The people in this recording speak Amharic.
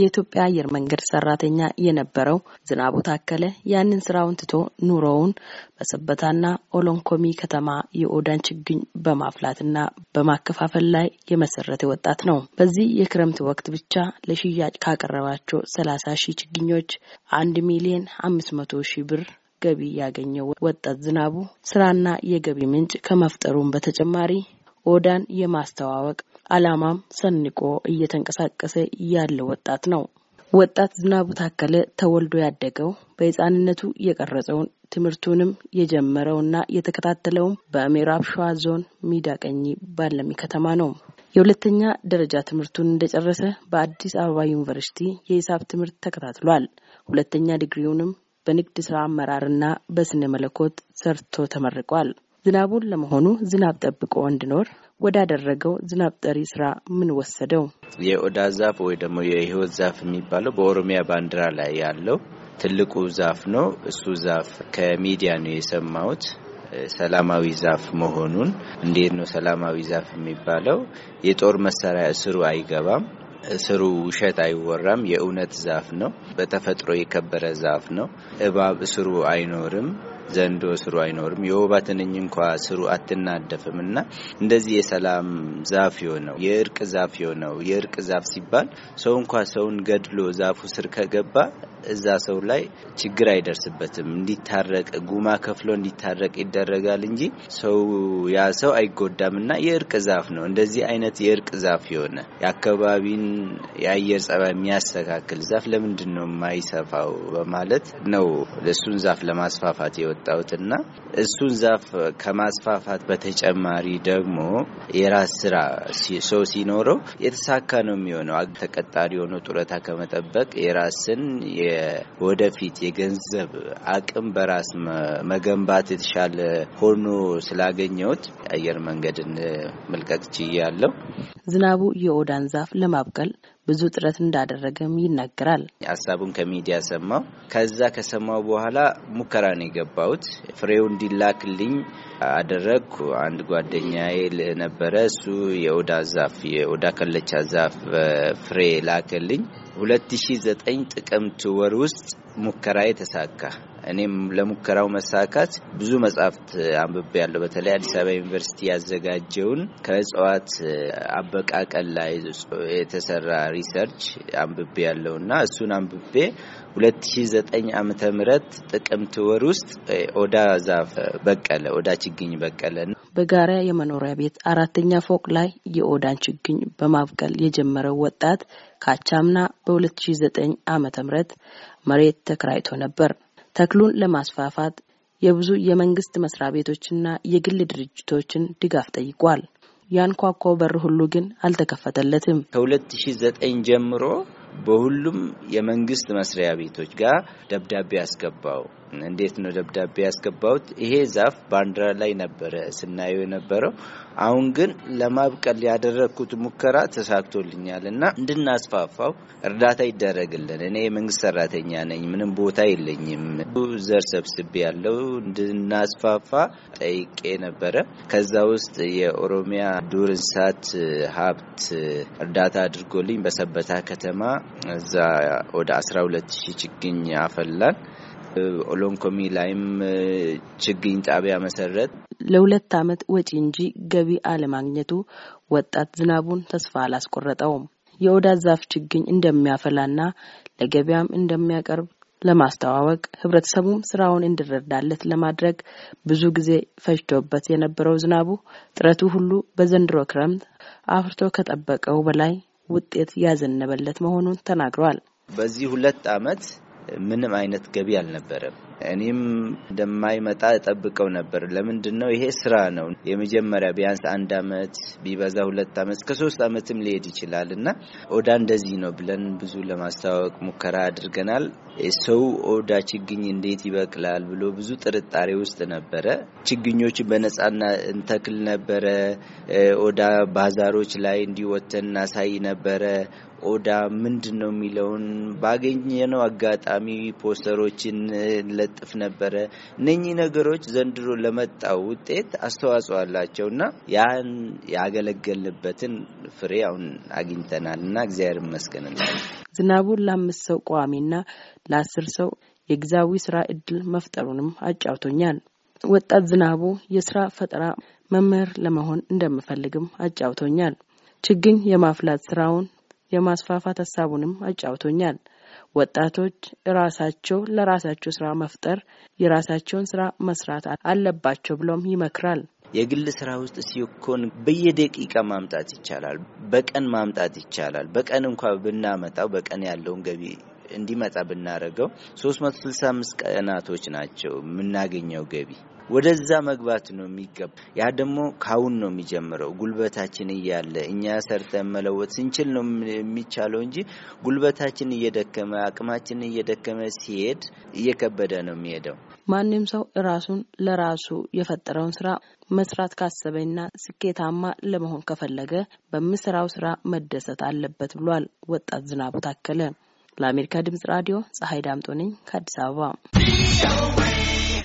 የኢትዮጵያ አየር መንገድ ሰራተኛ የነበረው ዝናቡ ታከለ ያንን ስራውን ትቶ ኑሮውን በሰበታና ኦሎንኮሚ ከተማ የኦዳን ችግኝ በማፍላትና በማከፋፈል ላይ የመሰረተ ወጣት ነው። በዚህ የክረምት ወቅት ብቻ ለሽያጭ ካቀረባቸው ሰላሳ ሺህ ችግኞች አንድ ሚሊዮን አምስት መቶ ሺህ ብር ገቢ ያገኘው ወጣት ዝናቡ ስራና የገቢ ምንጭ ከመፍጠሩም በተጨማሪ ኦዳን የማስተዋወቅ አላማም ሰንቆ እየተንቀሳቀሰ ያለ ወጣት ነው። ወጣት ዝናቡ ታከለ ተወልዶ ያደገው በህፃንነቱ የቀረጸውን ትምህርቱንም የጀመረውና የተከታተለውም በምዕራብ ሸዋ ዞን ቀኝ ባለሚ ከተማ ነው። የሁለተኛ ደረጃ ትምህርቱን እንደጨረሰ በአዲስ አበባ ዩኒቨርሲቲ የሂሳብ ትምህርት ተከታትሏል። ሁለተኛ ዲግሪውንም በንግድ ስራ አመራርና በስነ መለኮት ሰርቶ ተመርቋል። ዝናቡን ለመሆኑ ዝናብ ጠብቆ እንዲኖር ወዳደረገው ዝናብ ጠሪ ስራ ምን ወሰደው? የኦዳ ዛፍ ወይ ደግሞ የህይወት ዛፍ የሚባለው በኦሮሚያ ባንዲራ ላይ ያለው ትልቁ ዛፍ ነው። እሱ ዛፍ ከሚዲያ ነው የሰማሁት ሰላማዊ ዛፍ መሆኑን። እንዴት ነው ሰላማዊ ዛፍ የሚባለው? የጦር መሳሪያ እስሩ አይገባም። እስሩ ውሸት አይወራም። የእውነት ዛፍ ነው። በተፈጥሮ የከበረ ዛፍ ነው። እባብ እስሩ አይኖርም። ዘንዶ ስሩ አይኖርም፣ የወባ ትንኝ እንኳ ስሩ አትናደፍም እና እንደዚህ የሰላም ዛፍ የሆነው የእርቅ ዛፍ የሆነው የእርቅ ዛፍ ሲባል ሰው እንኳ ሰውን ገድሎ ዛፉ ስር ከገባ እዛ ሰው ላይ ችግር አይደርስበትም። እንዲታረቅ ጉማ ከፍሎ እንዲታረቅ ይደረጋል እንጂ ሰው ያ ሰው አይጎዳምና የእርቅ ዛፍ ነው። እንደዚህ አይነት የእርቅ ዛፍ የሆነ የአካባቢን የአየር ጸባይ የሚያስተካክል ዛፍ ለምንድን ነው የማይሰፋው? በማለት ነው እሱን ዛፍ ለማስፋፋት የወጣሁትና እሱን ዛፍ ከማስፋፋት በተጨማሪ ደግሞ የራስ ስራ ሰው ሲኖረው የተሳካ ነው የሚሆነው። ተቀጣሪ የሆነ ጡረታ ከመጠበቅ የራስን የወደፊት የገንዘብ አቅም በራስ መገንባት የተሻለ ሆኖ ስላገኘሁት የአየር መንገድን መልቀቅ ችያለሁ። ዝናቡ የኦዳን ዛፍ ለማብቀል ብዙ ጥረት እንዳደረገም ይናገራል። ሀሳቡን ከሚዲያ ሰማው። ከዛ ከሰማው በኋላ ሙከራ ነው የገባሁት። ፍሬው እንዲላክልኝ አደረግኩ። አንድ ጓደኛዬ ነበረ። እሱ የኦዳ ዛፍ የኦዳ ከለቻ ዛፍ ፍሬ ላክልኝ። 2009 ጥቅምት ወር ውስጥ ሙከራ የተሳካ እኔም ለሙከራው መሳካት ብዙ መጽሐፍት አንብቤ ያለው በተለይ አዲስ አበባ ዩኒቨርሲቲ ያዘጋጀውን ከእጽዋት አበቃቀል ላይ የተሰራ ሪሰርች አንብቤ ያለው እና እሱን አንብቤ 2009 ዓ ም ጥቅምት ወር ውስጥ ኦዳ ዛፍ በቀለ ኦዳ ችግኝ በቀለ በጋራ የመኖሪያ ቤት አራተኛ ፎቅ ላይ የኦዳን ችግኝ በማብቀል የጀመረው ወጣት ካቻምና በ2009 ዓ ም መሬት ተከራይቶ ነበር። ተክሉን ለማስፋፋት የብዙ የመንግስት መስሪያ ቤቶችና የግል ድርጅቶችን ድጋፍ ጠይቋል። ያንኳኳው በር ሁሉ ግን አልተከፈተለትም። ከ ከ209 ጀምሮ በሁሉም የመንግስት መስሪያ ቤቶች ጋር ደብዳቤ አስገባው። እንዴት ነው ደብዳቤ ያስገባሁት? ይሄ ዛፍ ባንዲራ ላይ ነበረ ስናየው የነበረው። አሁን ግን ለማብቀል ያደረግኩት ሙከራ ተሳክቶልኛል እና እንድናስፋፋው እርዳታ ይደረግልን። እኔ የመንግስት ሰራተኛ ነኝ፣ ምንም ቦታ የለኝም። ዘር ሰብስቤ ያለው እንድናስፋፋ ጠይቄ ነበረ። ከዛ ውስጥ የኦሮሚያ ዱር እንስሳት ሀብት እርዳታ አድርጎልኝ በሰበታ ከተማ እዛ ወደ ሁለት ሺህ ችግኝ አፈላን። ኦሎንኮሚ ላይም ችግኝ ጣቢያ መሰረት ለሁለት ዓመት ወጪ እንጂ ገቢ አለማግኘቱ ወጣት ዝናቡን ተስፋ አላስቆረጠውም። የኦዳ ዛፍ ችግኝ እንደሚያፈላና ለገበያም እንደሚያቀርብ ለማስተዋወቅ ህብረተሰቡም ስራውን እንዲረዳለት ለማድረግ ብዙ ጊዜ ፈጅቶበት የነበረው ዝናቡ ጥረቱ ሁሉ በዘንድሮ ክረምት አፍርቶ ከጠበቀው በላይ ውጤት ያዘነበለት መሆኑን ተናግረዋል። በዚህ ሁለት ዓመት ምንም አይነት ገቢ አልነበረም። እኔም እንደማይመጣ እጠብቀው ነበር። ለምንድን ነው ይሄ ስራ ነው። የመጀመሪያ ቢያንስ አንድ አመት ቢበዛ ሁለት አመት ከሶስት አመትም ሊሄድ ይችላል እና ኦዳ እንደዚህ ነው ብለን ብዙ ለማስተዋወቅ ሙከራ አድርገናል። ሰው ኦዳ ችግኝ እንዴት ይበቅላል ብሎ ብዙ ጥርጣሬ ውስጥ ነበረ። ችግኞችን በነጻና እንተክል ነበረ። ኦዳ ባዛሮች ላይ እንዲወተን እናሳይ ነበረ። ኦዳ ምንድን ነው የሚለውን ባገኘነው አጋጣሚ ፖስተሮችን ይለጥፍ ነበረ። እነኚህ ነገሮች ዘንድሮ ለመጣው ውጤት አስተዋጽኦ አላቸው እና ያን ያገለገልንበትን ፍሬ አሁን አግኝተናል እና እግዚአብሔር ይመስገን። ዝናቡን ለአምስት ሰው ቋሚና ለአስር ሰው የግዛዊ ስራ እድል መፍጠሩንም አጫውቶኛል። ወጣት ዝናቡ የስራ ፈጠራ መምህር ለመሆን እንደምፈልግም አጫውቶኛል። ችግኝ የማፍላት ስራውን የማስፋፋት ሀሳቡንም አጫውቶኛል። ወጣቶች ራሳቸው ለራሳቸው ስራ መፍጠር የራሳቸውን ስራ መስራት አለባቸው ብሎም ይመክራል። የግል ስራ ውስጥ ሲኮን በየደቂቃ ማምጣት ይቻላል። በቀን ማምጣት ይቻላል። በቀን እንኳ ብናመጣው በቀን ያለውን ገቢ እንዲመጣ ብናደርገው 365 ቀናቶች ናቸው የምናገኘው ገቢ ወደዛ መግባት ነው የሚገባ። ያ ደግሞ ካሁን ነው የሚጀምረው። ጉልበታችን እያለ እኛ ሰርተን መለወጥ ስንችል ነው የሚቻለው እንጂ ጉልበታችን እየደከመ አቅማችን እየደከመ ሲሄድ እየከበደ ነው የሚሄደው። ማንም ሰው ራሱን ለራሱ የፈጠረውን ስራ መስራት ካሰበና ስኬታማ ለመሆን ከፈለገ በምስራው ስራ መደሰት አለበት ብሏል ወጣት ዝናቡ ታከለ። ለአሜሪካ ድምጽ ራዲዮ ፀሐይ ዳምጦ ነኝ ከአዲስ አበባ።